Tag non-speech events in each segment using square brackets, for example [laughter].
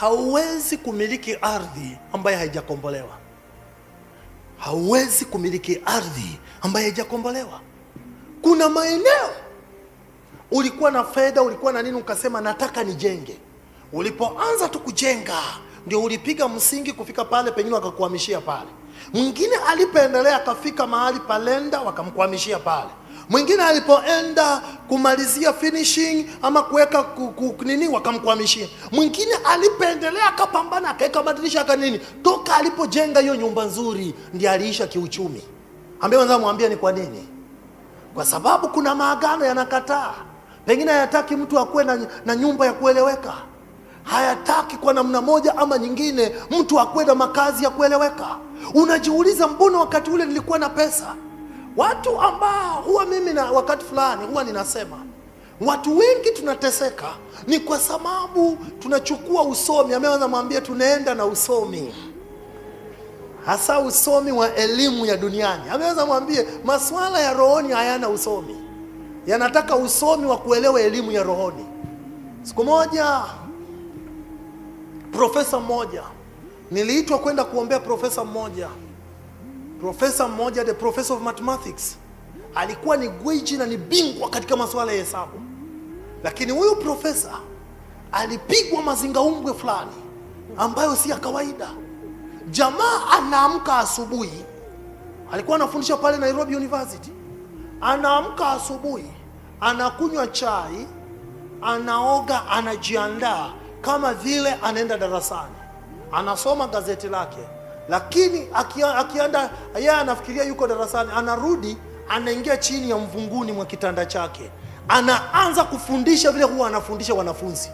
hauwezi kumiliki ardhi ambayo haijakombolewa. Hauwezi kumiliki ardhi ambayo haijakombolewa. Kuna maeneo ulikuwa na fedha, ulikuwa na nini, ukasema nataka nijenge. Ulipoanza tu kujenga, ndio ulipiga msingi kufika pale, pengine wakakuhamishia pale. Mwingine alipoendelea akafika mahali palenda, wakamkuhamishia pale Mwingine alipoenda kumalizia finishing ama kuweka nini, wakamkwamishia. Mwingine alipoendelea akapambana, akaweka madirisha aka nini, toka alipojenga hiyo nyumba nzuri, ndiye aliisha kiuchumi. Ambia wenzangu, mwambia ni kwa nini? Kwa sababu kuna maagano yanakataa, pengine hayataki mtu akuwe na, na nyumba ya kueleweka hayataki kwa namna moja ama nyingine mtu akuwe na makazi ya kueleweka. Unajiuliza, mbona wakati ule nilikuwa na pesa watu ambao huwa mimi na wakati fulani huwa ninasema watu wengi tunateseka ni kwa sababu tunachukua usomi, ameanza mwambie, tunaenda na usomi, hasa usomi wa elimu ya duniani. Ameanza mwambie, masuala ya rohoni hayana usomi, yanataka usomi wa kuelewa elimu ya rohoni. Siku moja profesa mmoja niliitwa kwenda kuombea profesa mmoja Profesa mmoja, the professor of mathematics, alikuwa ni gwiji na ni bingwa katika masuala ya hesabu, lakini huyu profesa alipigwa mazingaumbwe fulani ambayo si ya kawaida. Jamaa anaamka asubuhi, alikuwa anafundisha pale Nairobi University. Anaamka asubuhi, anakunywa chai, anaoga, anajiandaa kama vile anaenda darasani, anasoma gazeti lake lakini akienda yeye anafikiria yuko darasani, anarudi anaingia chini ya mvunguni mwa kitanda chake, anaanza kufundisha vile huwa anafundisha wanafunzi.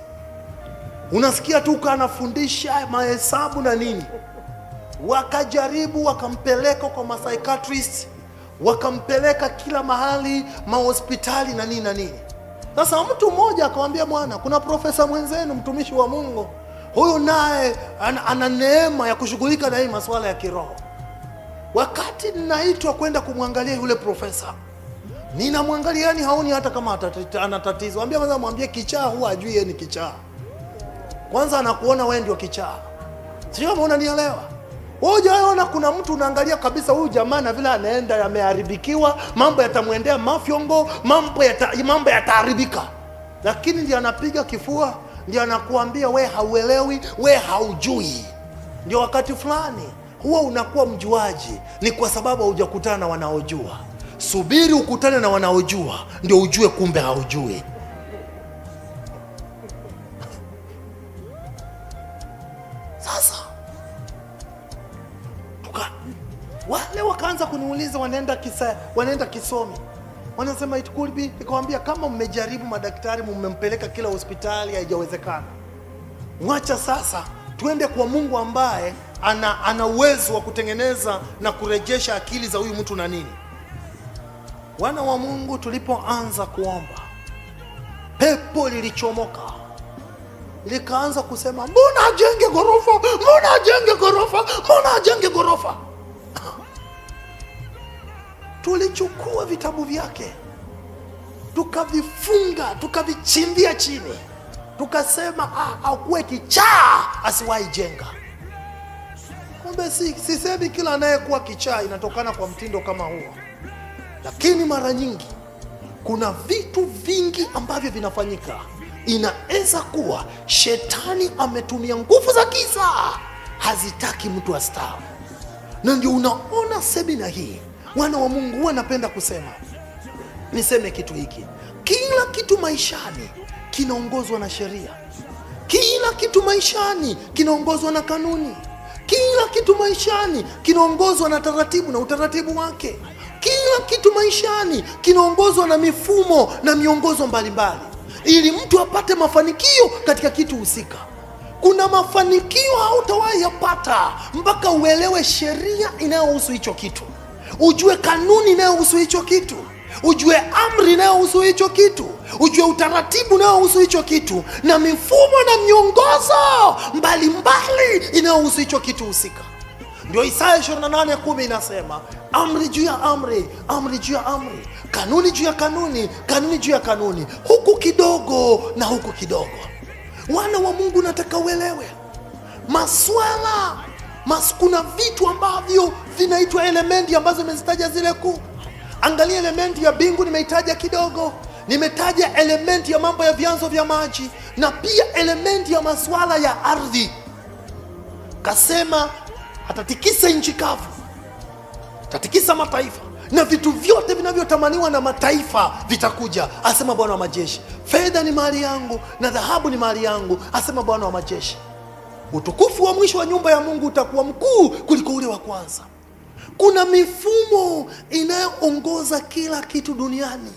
Unasikia tu ka anafundisha mahesabu na nini. Wakajaribu wakampeleka kwa psychiatrist, wakampeleka kila mahali, mahospitali na nini na nini. Sasa mtu mmoja akamwambia, mwana, kuna profesa mwenzenu mtumishi wa Mungu huyu naye an, ana neema ya kushughulika na hii masuala ya kiroho. Wakati ninaitwa kwenda kumwangalia yule profesa, ninamwangalia yani haoni hata kama ana tatizo. Ambia kwanza, mwambie kichaa huwa ajui yeye ni kichaa. Kwanza anakuona wewe ndio kichaa, sio? Unanielewa? Wewe hujaona kuna mtu unaangalia kabisa huyu jamaa na vile anaenda yameharibikiwa, mambo yatamwendea mafyongo, mambo yataharibika, mambo yata, lakini ndio anapiga kifua ndio anakuambia we hauelewi, we haujui. Ndio wakati fulani huwa unakuwa mjuaji, ni kwa sababu haujakutana na wanaojua. Subiri ukutane na wanaojua ndio ujue, kumbe haujui. Sasa tuka wale wakaanza kuniuliza, wanaenda kisa, wanaenda kisomi wanasema it could be. Nikawambia kama mmejaribu, madaktari mmempeleka kila hospitali, haijawezekana. Mwacha sasa tuende kwa Mungu ambaye ana ana uwezo wa kutengeneza na kurejesha akili za huyu mtu na nini. Wana wa Mungu, tulipoanza kuomba, pepo lilichomoka likaanza kusema, mbona ajenge ghorofa, mbona ajenge ghorofa, mbona ajenge ghorofa tulichukua vitabu vyake tukavifunga tukavichimbia chini, tukasema ah, akuwe kichaa asiwahi jenga. Kumbe si, sisemi kila anayekuwa kichaa inatokana kwa mtindo kama huo, lakini mara nyingi kuna vitu vingi ambavyo vinafanyika. Inaweza kuwa shetani ametumia nguvu za giza, hazitaki mtu astawi, na ndio unaona semina hii Wana wa Mungu huwa napenda kusema, niseme kitu hiki, kila kitu maishani kinaongozwa na sheria, kila kitu maishani kinaongozwa na kanuni, kila kitu maishani kinaongozwa na taratibu na utaratibu wake, kila kitu maishani kinaongozwa na mifumo na miongozo mbalimbali, ili mtu apate mafanikio katika kitu husika. Kuna mafanikio hautawahi yapata mpaka uelewe sheria inayohusu hicho kitu ujue kanuni inayohusu hicho kitu, ujue amri inayohusu hicho kitu, ujue utaratibu unayohusu hicho kitu, na mifumo na miongozo mbalimbali inayohusu hicho kitu husika. Ndio Isaya 28:10 inasema amri juu ya amri, amri juu ya amri, kanuni juu ya kanuni, kanuni juu ya kanuni, huku kidogo na huku kidogo. Wana wa Mungu, nataka uelewe maswala mas kuna vitu ambavyo vinaitwa elementi ambazo nimezitaja zile kuu. Angalia elementi ya bingu nimeitaja kidogo, nimetaja elementi ya mambo ya vyanzo vya maji na pia elementi ya masuala ya ardhi. Kasema atatikisa nchi kavu, atatikisa mataifa na vitu vyote vinavyotamaniwa na mataifa vitakuja, asema Bwana wa majeshi. Fedha ni mali yangu na dhahabu ni mali yangu, asema Bwana wa majeshi utukufu wa mwisho wa nyumba ya Mungu utakuwa mkuu kuliko ule wa kwanza. Kuna mifumo inayoongoza kila kitu duniani.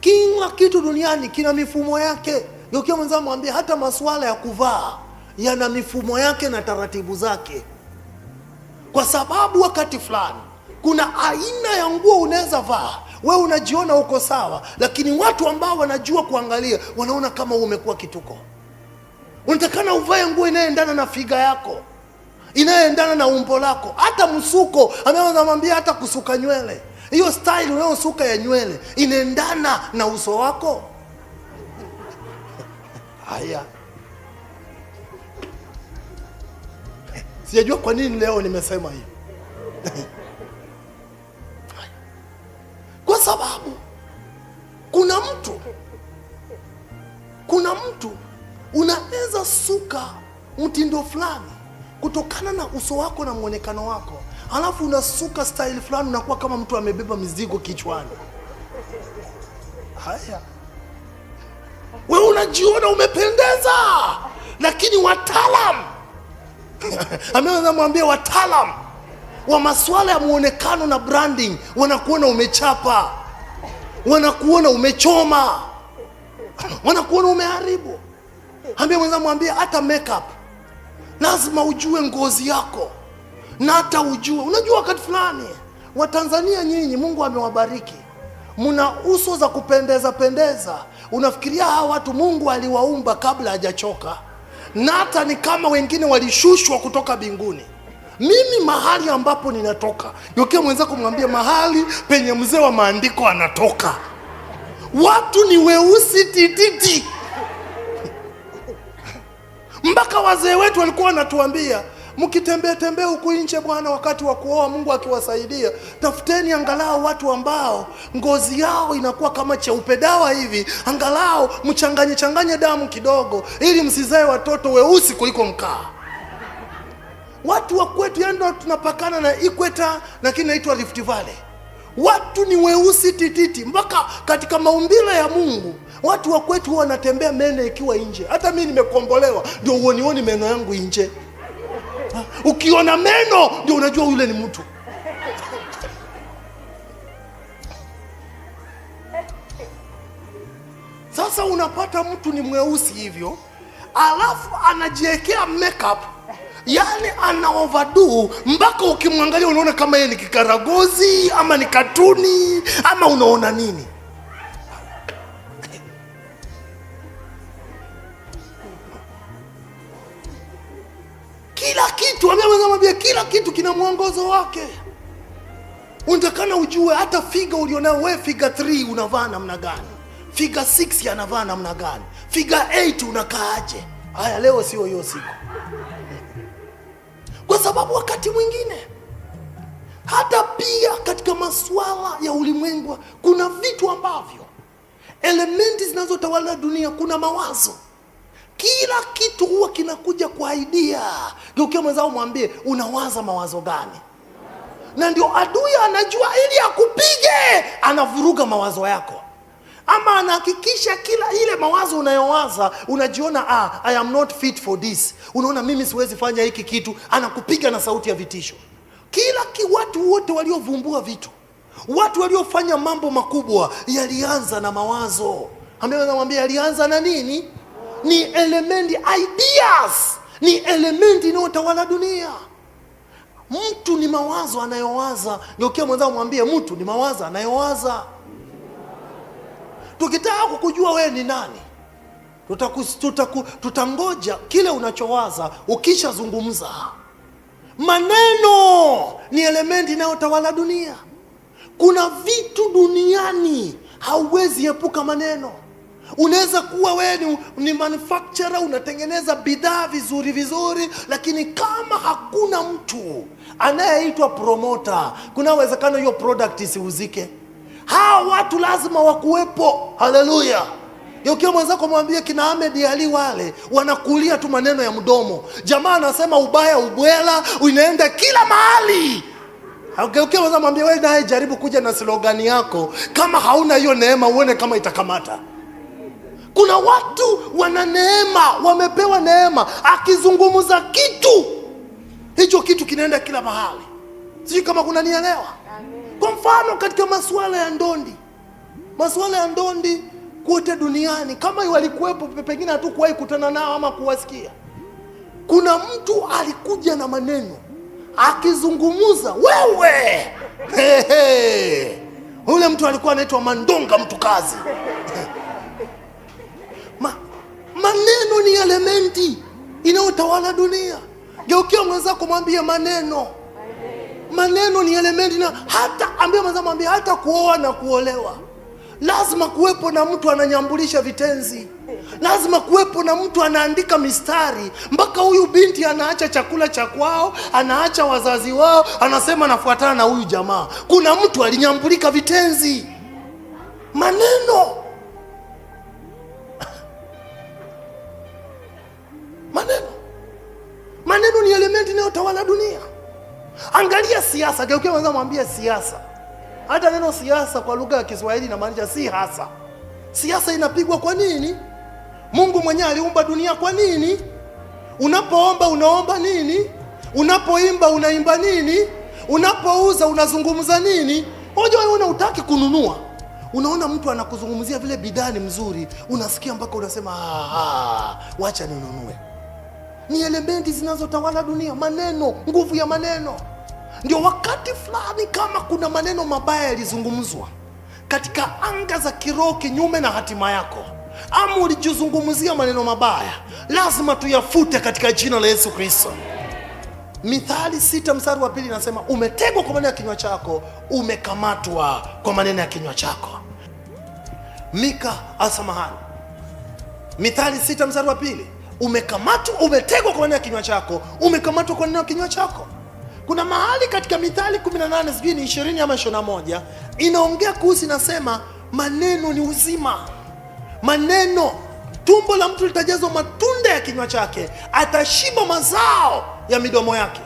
Kila kitu duniani kina mifumo yake. ukiwa mwenzao, mwambie hata masuala ya kuvaa yana mifumo yake na taratibu zake, kwa sababu wakati fulani kuna aina ya nguo unaweza vaa wewe, unajiona uko sawa, lakini watu ambao wanajua kuangalia wanaona kama umekuwa kituko unatakana uvae nguo inayoendana na figa yako, inayoendana na umbo lako. Hata msuko amewambia, hata kusuka nywele, hiyo style unayosuka ya nywele inaendana na uso wako. [laughs] Haya, [laughs] sijajua kwa nini leo nimesema hiyo [laughs] kwa sababu kuna mtu kuna mtu Unaweza suka mtindo fulani kutokana na uso wako na mwonekano wako, alafu unasuka style fulani, unakuwa kama mtu amebeba mizigo kichwani. Haya, we unajiona umependeza, lakini wataalam [laughs] ameweza mwambia wataalam wa masuala ya mwonekano na branding wanakuona umechapa, wanakuona umechoma, wanakuona umeharibu. Ambia mwenza, mwambie hata makeup lazima ujue ngozi yako na hata ujue. Unajua wakati fulani Watanzania nyinyi, Mungu amewabariki, mna uso za kupendeza pendeza, unafikiria hawa watu Mungu aliwaumba kabla hajachoka, na hata ni kama wengine walishushwa kutoka binguni Mimi mahali ambapo ninatoka, yokia mwenzako mwambie mahali penye mzee wa maandiko anatoka, watu ni weusi tititi mpaka wazee wetu walikuwa wanatuambia mkitembea tembea huku nje bwana, wakati wa kuoa, Mungu akiwasaidia, tafuteni angalau watu ambao ngozi yao inakuwa kama cheupe dawa hivi, angalau mchanganye changanye damu kidogo, ili msizae watoto weusi kuliko mkaa. Watu wa kwetu yando, yaani tunapakana na Ikweta lakini naitwa inaitwa Rift Valley, watu ni weusi tititi, mpaka katika maumbile ya Mungu Watu wa kwetu wanatembea meno ikiwa nje. Hata mimi nimekombolewa, ndio uonioni meno yangu nje. Ukiona meno ndio unajua yule ni mtu. Sasa unapata mtu ni mweusi hivyo, alafu anajiwekea makeup, yaani ana overdo mpaka ukimwangalia unaona kama yeye ni kikaragozi ama ni katuni ama unaona nini. ina mwongozo wake. Unatakana ujue hata figa ulionao wewe, figa 3 unavaa namna gani? Figa 6 anavaa namna gani? Figa 8 unakaaje? Haya, leo sio hiyo siku, [laughs] kwa sababu wakati mwingine hata pia katika masuala ya ulimwengu kuna vitu ambavyo elementi zinazotawala dunia, kuna mawazo kila kitu huwa kinakuja kwa idea. Geukia mwenzao mwambie, unawaza mawazo gani? Na ndio adui anajua, ili akupige anavuruga mawazo yako, ama anahakikisha kila ile mawazo unayowaza unajiona, ah, I am not fit for this, unaona mimi siwezi fanya hiki kitu, anakupiga na sauti ya vitisho. Kila ki watu wote waliovumbua vitu, watu waliofanya mambo makubwa yalianza na mawazo. Ambaye anamwambia yalianza na nini? ni elementi ideas, ni elementi inayotawala dunia. Mtu ni mawazo anayowaza. Ngeukia mwenzao mwambie, mtu ni mawazo anayowaza. Tukitaka kukujua wewe ni nani, tutangoja tuta, tutangoja kile unachowaza ukishazungumza. Maneno ni elementi inayotawala dunia. Kuna vitu duniani hauwezi epuka maneno Unaweza kuwa wewe ni, ni manufacturer unatengeneza bidhaa vizuri vizuri, lakini kama hakuna mtu anayeitwa promoter, kuna uwezekano hiyo product isiuzike. Hawa watu lazima wakuwepo. Haleluya! Ukiwa mwenzako mwambie kina Ahmed Ali wale wanakulia tu maneno ya mdomo. Jamaa anasema ubaya ubwela, inaenda kila mahali. Ukiwa mwenzako mwambie wewe, naye jaribu kuja na slogani yako, kama hauna hiyo neema, uone kama itakamata. Kuna watu wana neema, wamepewa neema, akizungumza kitu hicho kitu kinaenda kila mahali. Sijui kama kuna nielewa. Kwa mfano katika masuala ya ndondi, masuala ya ndondi kote duniani, kama walikuwepo, pengine hatukuwahi kutana nao ama kuwasikia. Kuna mtu alikuja na maneno, akizungumza wewe, [laughs] hey, hey. Ule mtu alikuwa anaitwa Mandonga mtu kazi Maneno ni elementi inayotawala dunia. Geukia mwenzako mwambie maneno, maneno ni elementi na hata ambia mwenzako, mwambie hata kuoa na kuolewa lazima kuwepo na mtu ananyambulisha vitenzi, lazima kuwepo na mtu anaandika mistari mpaka huyu binti anaacha chakula cha kwao, anaacha wazazi wao, anasema anafuatana na huyu jamaa. Kuna mtu alinyambulika vitenzi. inayotawala dunia. Angalia siasa, geukia mwenza, mwambie siasa. Hata neno siasa kwa lugha ya Kiswahili inamaanisha si hasa. Siasa inapigwa kwa nini? Mungu mwenyewe aliumba dunia kwa nini? Unapoomba unaomba nini? Unapoimba unaimba nini? Unapouza unazungumza nini? Hoja wewe una utaki kununua. Unaona mtu anakuzungumzia vile bidhaa ni mzuri, unasikia mpaka unasema ah, ah wacha ninunue ni elementi zinazotawala dunia, maneno, nguvu ya maneno. Ndio wakati fulani, kama kuna maneno mabaya yalizungumzwa katika anga za kiroho kinyume na hatima yako, ama ulijizungumzia maneno mabaya, lazima tuyafute katika jina la Yesu Kristo. Mithali sita mstari wa pili inasema umetegwa kwa maneno ya kinywa chako, umekamatwa kwa maneno ya kinywa chako. Mika asamahani, ah, Mithali sita mstari wa pili Umekamatwa, umetegwa kwa neno ya kinywa chako, umekamatwa kwa neno ya kinywa chako. Kuna mahali katika Mithali 18 sijui ni 20 ama 21 inaongea kuhusu, inasema maneno ni uzima. Maneno, tumbo la mtu litajazwa matunda ya kinywa chake, atashiba mazao ya midomo yake.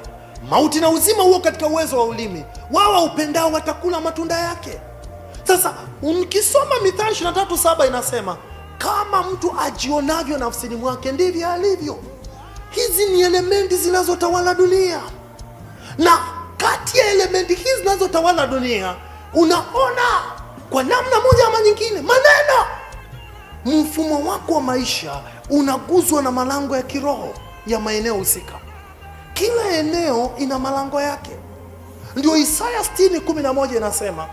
Mauti na uzima huo katika uwezo wa ulimi, wao upendao watakula matunda yake. Sasa mkisoma Mithali 23:7 inasema kama mtu ajionavyo nafsini mwake ndivyo alivyo. Hizi ni elementi zinazotawala dunia, na kati ya elementi hizi zinazotawala dunia unaona kwa namna moja ama nyingine maneno. Mfumo wako wa maisha unaguzwa na malango ya kiroho ya maeneo husika. Kila eneo ina malango yake. Ndio Isaya 60:11 inasema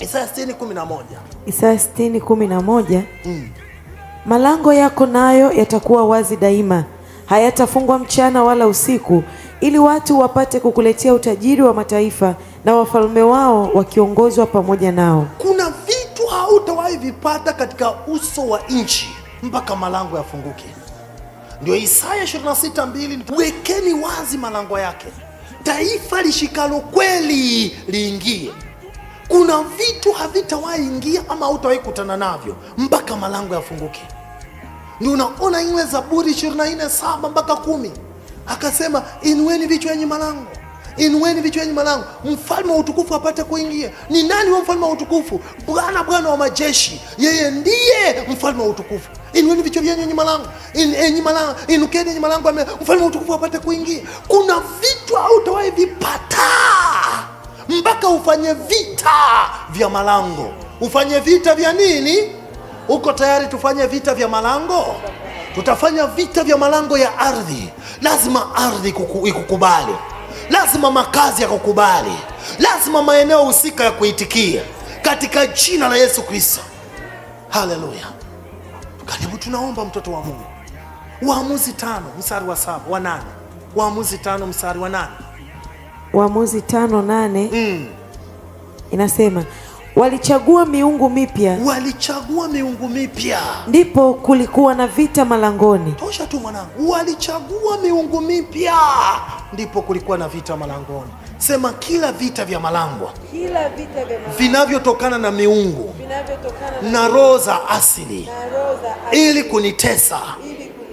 Isaya 60:11. Isaya 60:11. Mm. Malango yako nayo yatakuwa wazi daima, hayatafungwa mchana wala usiku, ili watu wapate kukuletea utajiri wa mataifa na wafalme wao wakiongozwa pamoja nao. Kuna vitu hautawahi vipata katika uso wa nchi mpaka malango yafunguke. Ndio Isaya 26:2, wekeni wazi malango yake, taifa lishikalo kweli liingie kuna vitu havitawahi ingia ama hautawahi kutana navyo mpaka malango yafunguke. Ndio unaona ile Zaburi 24:7 mpaka kumi akasema, inueni vichwa yenye malango, inueni vichwa yenye malango, mfalme wa utukufu apate kuingia. Ni nani wa mfalme wa utukufu? Bwana, Bwana wa majeshi, yeye ndiye mfalme wa utukufu. Inueni vichwa vyenu yenye malango, yenye malango, inukeni yenye malango, mfalme wa utukufu apate kuingia. Kuna vitu hautawahi vipata mpaka ufanye vita vya malango. Ufanye vita vya nini? Uko tayari tufanye vita vya malango? Tutafanya vita vya malango ya ardhi. Lazima ardhi ikukubali, lazima makazi yakukubali, lazima maeneo husika ya kuitikia katika jina la Yesu Kristo. Haleluya! Karibu tunaomba, mtoto wa Mungu. Waamuzi tano mstari wa saba wa nane Waamuzi tano mstari wa nane Waamuzi tano nane mm. inasema walichagua miungu mipya, walichagua miungu mipya, ndipo kulikuwa na vita malangoni. Tosha tu mwanangu, walichagua miungu mipya, ndipo kulikuwa na vita malangoni. Sema kila vita vya malangwa, kila vita vya malangwa vinavyotokana na miungu, na, na roho za asili, ili kunitesa, ili kunitesa,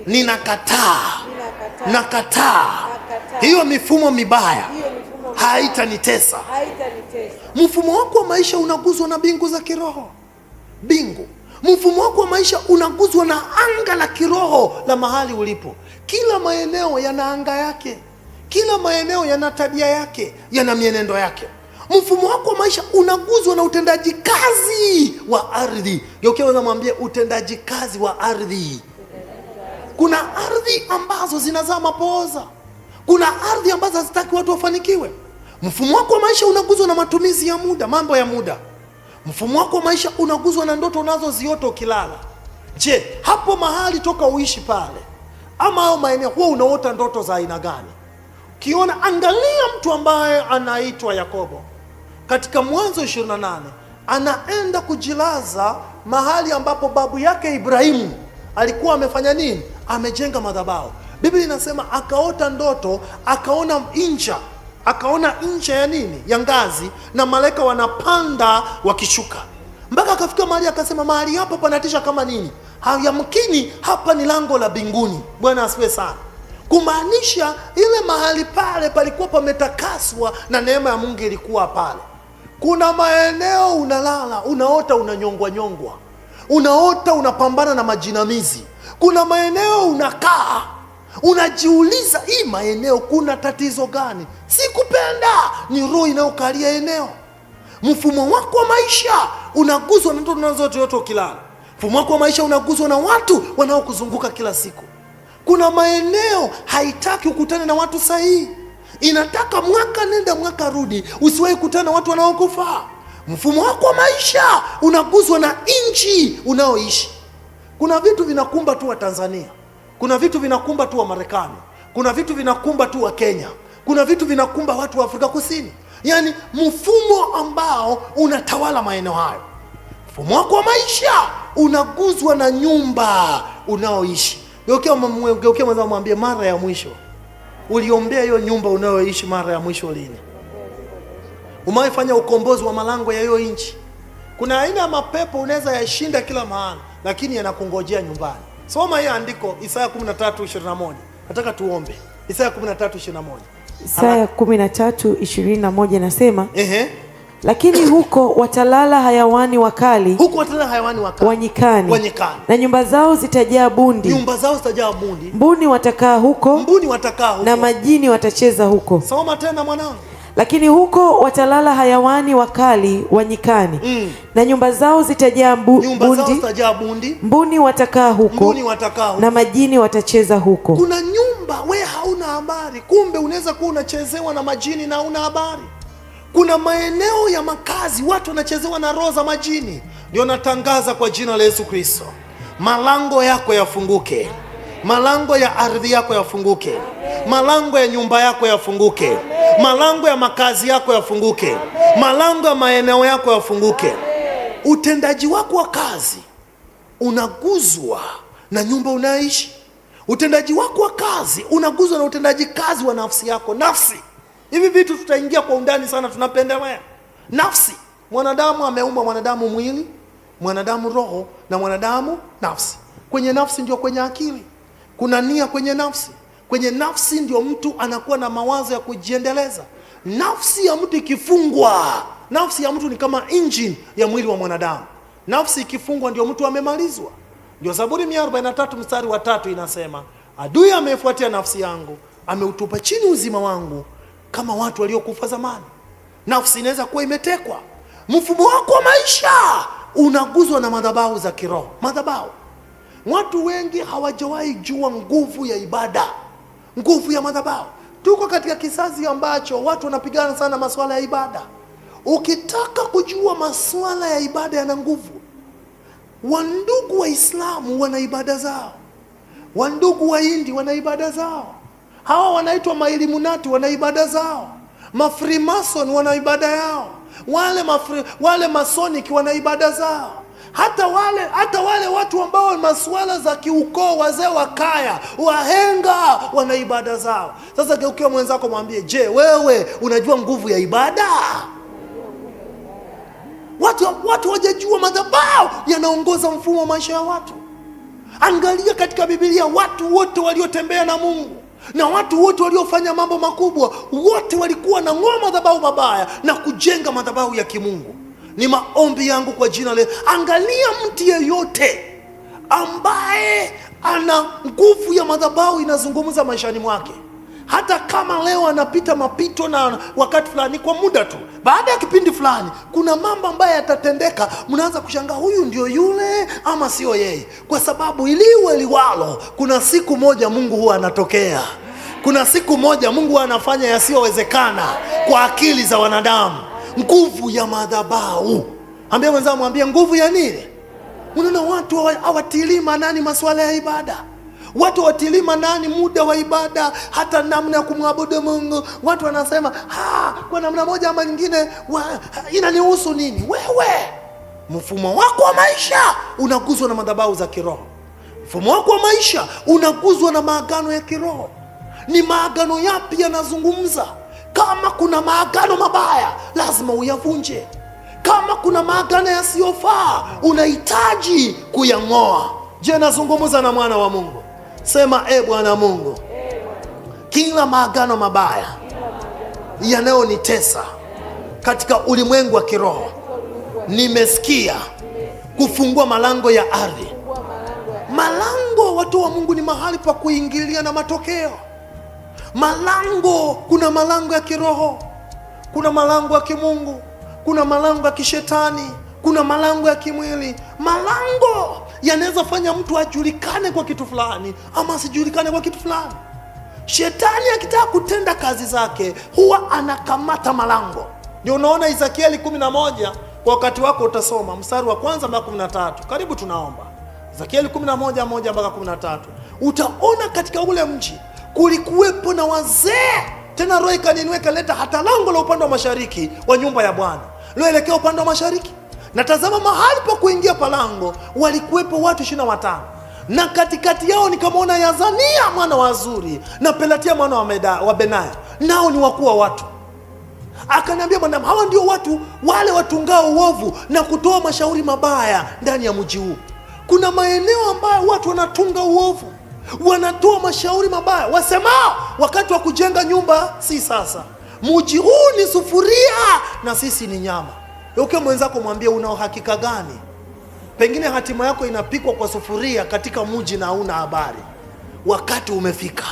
ninakataa, nakataa hiyo mifumo mibaya hiyo haitanitesa. Haitanitesa. Mfumo wako wa maisha unaguzwa na bingu za kiroho, bingu Mfumo wako wa maisha unaguzwa na anga la kiroho la mahali ulipo. Kila maeneo yana anga yake, kila maeneo yana tabia yake, yana mienendo yake. Mfumo wako wa maisha unaguzwa na utendaji kazi wa ardhi. Geukia unamwambia utendaji kazi wa ardhi. Kuna ardhi ambazo zinazaa mapooza, kuna ardhi ambazo hazitaki watu wafanikiwe Mfumo wako wa maisha unaguzwa na matumizi ya muda, mambo ya muda. Mfumo wako wa maisha unaguzwa na ndoto unazoziota ukilala. Je, hapo mahali toka uishi pale ama hao maeneo, huwa unaota ndoto za aina gani? Ukiona, angalia mtu ambaye anaitwa Yakobo katika Mwanzo 28 anaenda kujilaza mahali ambapo babu yake Ibrahimu alikuwa amefanya nini? Amejenga madhabahu. Biblia inasema akaota ndoto, akaona inja akaona nje ya nini ya ngazi, na malaika wanapanda wakishuka, mpaka akafika mahali akasema, mahali hapa panatisha kama nini, hayamkini hapa ni lango la binguni Bwana asifiwe sana. Kumaanisha ile mahali pale palikuwa pametakaswa na neema ya Mungu ilikuwa pale. Kuna maeneo unalala, unaota, unanyongwa nyongwa, unaota unapambana na majinamizi. Kuna maeneo unakaa Unajiuliza, hii maeneo kuna tatizo gani? Sikupenda ni roho inayokalia eneo. Mfumo wako wa maisha unaguzwa na nazotoyote ukilala. Mfumo wako wa maisha unaguzwa na watu wanaokuzunguka kila siku. Kuna maeneo haitaki ukutane na watu sahihi, inataka mwaka nenda mwaka rudi, usiwahi kutana na watu wanaokufaa. Mfumo wako wa maisha unaguzwa na nchi unaoishi. Kuna vitu vinakumba tu wa Tanzania kuna vitu vinakumba tu wa Marekani, kuna vitu vinakumba tu wa Kenya, kuna vitu vinakumba watu wa Afrika Kusini, yaani mfumo ambao unatawala maeneo hayo. Mfumo wako wa maisha unaguzwa na nyumba unaoishi. Geukia mwenza, mwambie mara ya mwisho uliombea hiyo nyumba unayoishi mara ya mwisho lini? Umaifanya ukombozi wa malango ya hiyo nchi? Kuna aina ya mapepo unaweza yashinda kila mahali, lakini yanakungojea nyumbani. Soma hiyo andiko Isaya 13:21. Nataka tuombe. Isaya 13:21. Isaya 13:21 nasema, Ehe. Lakini huko watalala hayawani wakali, huko watalala hayawani wakali wanyikani, wanyikani, na nyumba zao zitajaa bundi, nyumba zao zitajaa bundi, mbuni watakaa huko, mbuni watakaa huko, na majini watacheza huko. Soma tena mwanangu lakini huko watalala hayawani wakali wanyikani mm. na nyumba zao zitajaa mbu, bundi, bundi. Mbuni watakaa huko, wataka huko na majini watacheza huko. Kuna nyumba we hauna habari, kumbe unaweza kuwa unachezewa na majini na hauna habari. Kuna maeneo ya makazi watu wanachezewa na roho za majini. Ndio natangaza kwa jina la Yesu Kristo, malango yako yafunguke malango ya ardhi yako yafunguke, malango ya nyumba yako yafunguke, malango ya makazi yako yafunguke, malango ya maeneo yako yafunguke. Utendaji wako wa kazi unaguzwa na nyumba unayoishi. Utendaji wako wa kazi unaguzwa na utendaji kazi wa nafsi yako. Nafsi, hivi vitu tutaingia kwa undani sana, tunapendelea nafsi. Mwanadamu ameumba mwanadamu mwili, mwanadamu roho, na mwanadamu nafsi. Kwenye nafsi ndio kwenye akili kuna nia kwenye nafsi. Kwenye nafsi ndio mtu anakuwa na mawazo ya kujiendeleza. Nafsi ya mtu ikifungwa, nafsi ya mtu ni kama injini ya mwili wa mwanadamu. Nafsi ikifungwa ndio mtu amemalizwa. Ndio Zaburi 43 mstari wa tatu inasema, adui amefuatia nafsi yangu, ameutupa chini uzima wangu kama watu waliokufa zamani. Nafsi inaweza kuwa imetekwa. Mfumo wako wa maisha unaguzwa na madhabahu za kiroho, madhabahu Watu wengi hawajawahi jua nguvu ya ibada, nguvu ya madhabahu. Tuko katika kizazi ambacho watu wanapigana sana masuala ya ibada. Ukitaka kujua masuala ya ibada yana nguvu, wandugu Waislamu wana ibada zao, wandugu Wahindi wana ibada zao, hawa wanaitwa mailimunati wana ibada zao, mafrimason wana ibada yao, wale mafri, wale masoniki wana ibada zao hata wale hata wale watu ambao masuala za kiukoo, wazee wa kaya, wahenga, wana ibada zao. Sasa geukiwa mwenzako, mwambie, je, wewe unajua nguvu ya ibada? Watu watu wajajua, madhabao yanaongoza mfumo wa maisha ya watu. Angalia katika Biblia, watu wote waliotembea na Mungu na watu wote waliofanya mambo makubwa, wote walikuwa na ng'oa madhabahu mabaya na kujenga madhabahu ya kimungu. Ni maombi yangu kwa jina leo, angalia mtu yeyote ambaye ana nguvu ya madhabahu inazungumza maishani mwake, hata kama leo anapita mapito na wakati fulani kwa muda tu, baada ya kipindi fulani kuna mambo ambayo yatatendeka, mnaanza kushangaa, huyu ndio yule ama sio yeye? Kwa sababu iliwe liwalo, kuna siku moja Mungu huwa anatokea, kuna siku moja Mungu anafanya yasiyowezekana kwa akili za wanadamu nguvu ya madhabahu. Ambia mwenzao, mwambie nguvu ya nini? Unaona watu hawatilii maanani masuala ya ibada, watu hawatilii maanani muda wa ibada, hata namna ya kumwabudu Mungu. Watu wanasema ha, kwa namna moja ama nyingine, inanihusu nini? Wewe mfumo wako wa maisha unaguzwa na madhabahu za kiroho. Mfumo wako wa maisha unaguzwa na maagano ya kiroho. Ni maagano yapi yanazungumza? Kama kuna maagano mabaya, lazima uyavunje. Kama kuna maagano yasiyofaa, unahitaji kuyang'oa. Je, nazungumza na mwana wa Mungu? Sema e Bwana Mungu, kila maagano mabaya yanayonitesa katika ulimwengu wa kiroho, nimesikia kufungua malango ya ardhi. Malango, watu wa Mungu, ni mahali pa kuingilia na matokeo Malango, kuna malango ya kiroho, kuna malango ya kimungu, kuna malango ya kishetani, kuna malango ya kimwili. Malango yanaweza fanya mtu ajulikane kwa kitu fulani ama asijulikane kwa kitu fulani. Shetani akitaka kutenda kazi zake huwa anakamata malango. Ndio unaona Ezekieli 11 kwa wakati wako utasoma mstari wa kwanza mpaka 13. Karibu tunaomba Ezekieli 11 mpaka 13. Utaona katika ule mji kulikuwepo na wazee tena, roho ikaniniweka leta hata lango la upande wa mashariki wa nyumba ya Bwana lioelekea upande wa mashariki, na tazama mahali pa kuingia palango walikuwepo watu ishirini na watano na katikati yao nikamwona Yazania mwana wa Azuri na Pelatia mwana wa, Meda, wa Benaya, nao ni wakuu wa watu. Akaniambia, mwanadamu, hawa ndio watu wale watungao uovu na kutoa mashauri mabaya ndani ya mji huu. Kuna maeneo ambayo watu wanatunga uovu wanatoa mashauri mabaya, wasemao wakati wa kujenga nyumba si sasa, muji huu ni sufuria na sisi ni nyama. Uke mwenzako mwambie, una uhakika gani? Pengine hatima yako inapikwa kwa sufuria katika muji na hauna habari. Wakati umefika,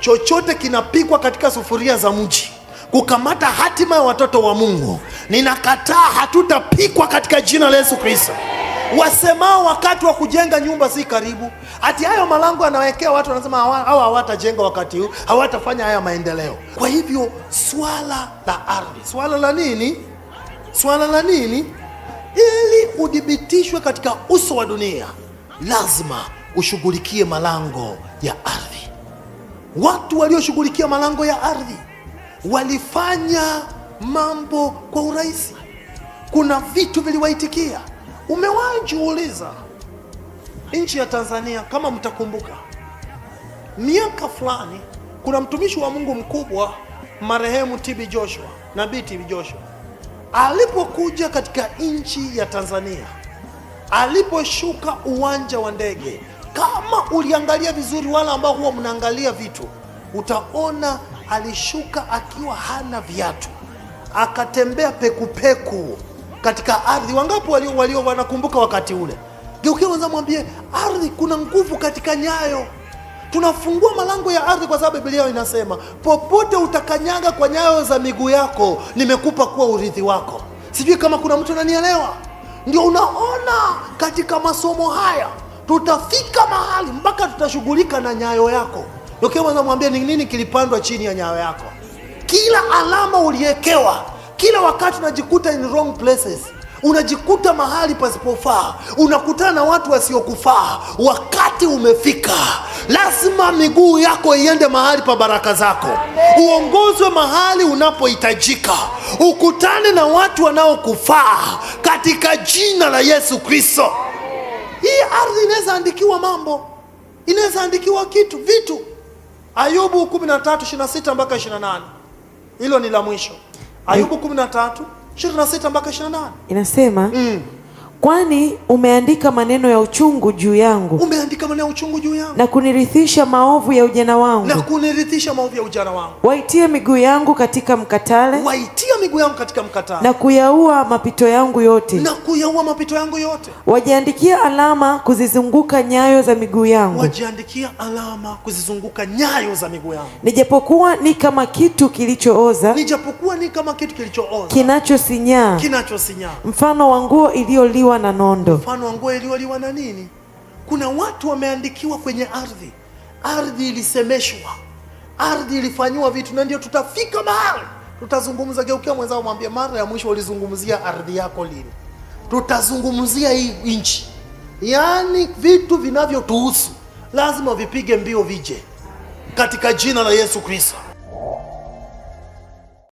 chochote kinapikwa katika sufuria za mji kukamata hatima ya watoto wa Mungu. Ninakataa, hatutapikwa katika jina la Yesu Kristo wasemao wakati wa kujenga nyumba si karibu. Ati hayo malango anawekea watu, wanasema hawa hawatajenga wakati huu, hawatafanya haya maendeleo. Kwa hivyo swala la ardhi, swala la nini? Swala la nini? Ili udhibitishwe katika uso wa dunia, lazima ushughulikie malango ya ardhi. Watu walioshughulikia malango ya ardhi walifanya mambo kwa urahisi. Kuna vitu viliwaitikia Umewahi jiuliza nchi ya Tanzania, kama mtakumbuka, miaka fulani kuna mtumishi wa Mungu mkubwa marehemu TB Joshua, nabii TB Joshua alipokuja katika nchi ya Tanzania, aliposhuka uwanja wa ndege, kama uliangalia vizuri, wala ambao huwa mnaangalia vitu, utaona alishuka akiwa hana viatu, akatembea pekupeku peku katika ardhi. Wangapi walio walio wanakumbuka wakati ule? Geukia wenza, mwambie ardhi, kuna nguvu katika nyayo. Tunafungua malango ya ardhi, kwa sababu Biblia inasema popote utakanyaga kwa nyayo za miguu yako, nimekupa kuwa urithi wako. Sijui kama kuna mtu ananielewa. Ndio unaona katika masomo haya tutafika mahali mpaka tutashughulika na nyayo yako. Geukia wenza, mwambie ni nini kilipandwa chini ya nyayo yako, kila alama uliekewa kila wakati unajikuta in wrong places, unajikuta mahali pasipofaa, unakutana na watu wasiokufaa. Wakati umefika, lazima miguu yako iende mahali pa baraka zako, uongozwe mahali unapohitajika, ukutane na watu wanaokufaa katika jina la Yesu Kristo. Hii ardhi inaweza andikiwa mambo, inaweza andikiwa kitu, vitu. Ayubu 13:26 mpaka 28, hilo ni la mwisho. Ayubu 13:26 mpaka 28 inasema mm. Kwani umeandika maneno ya uchungu juu yangu, umeandika maneno ya uchungu juu yangu, na kunirithisha maovu ya ujana wangu, na kunirithisha maovu ya ujana wangu. Waitie miguu yangu katika mkatale, waitie miguu yangu katika mkatale, na kuyaua mapito yangu yote, na kuyaua mapito yangu yote. Wajiandikia alama kuzizunguka nyayo za miguu yangu, wajiandikia alama kuzizunguka nyayo za miguu yangu. Nijapokuwa ni kama kitu kilichooza, nijapokuwa ni kama kitu kilichooza, kinachosinyaa, kinachosinyaa, mfano wa nguo iliyoliwa kuwa na nondo, mfano wa nguo iliyoliwa na nini. Kuna watu wameandikiwa kwenye ardhi, ardhi ilisemeshwa, ardhi ilifanyiwa vitu, na ndio tutafika mahali tutazungumza. Geukia mwenzao, mwambie mara ya mwisho ulizungumzia ardhi yako lini? Tutazungumzia hii nchi, yaani vitu vinavyotuhusu lazima vipige mbio, vije katika jina la Yesu Kristo.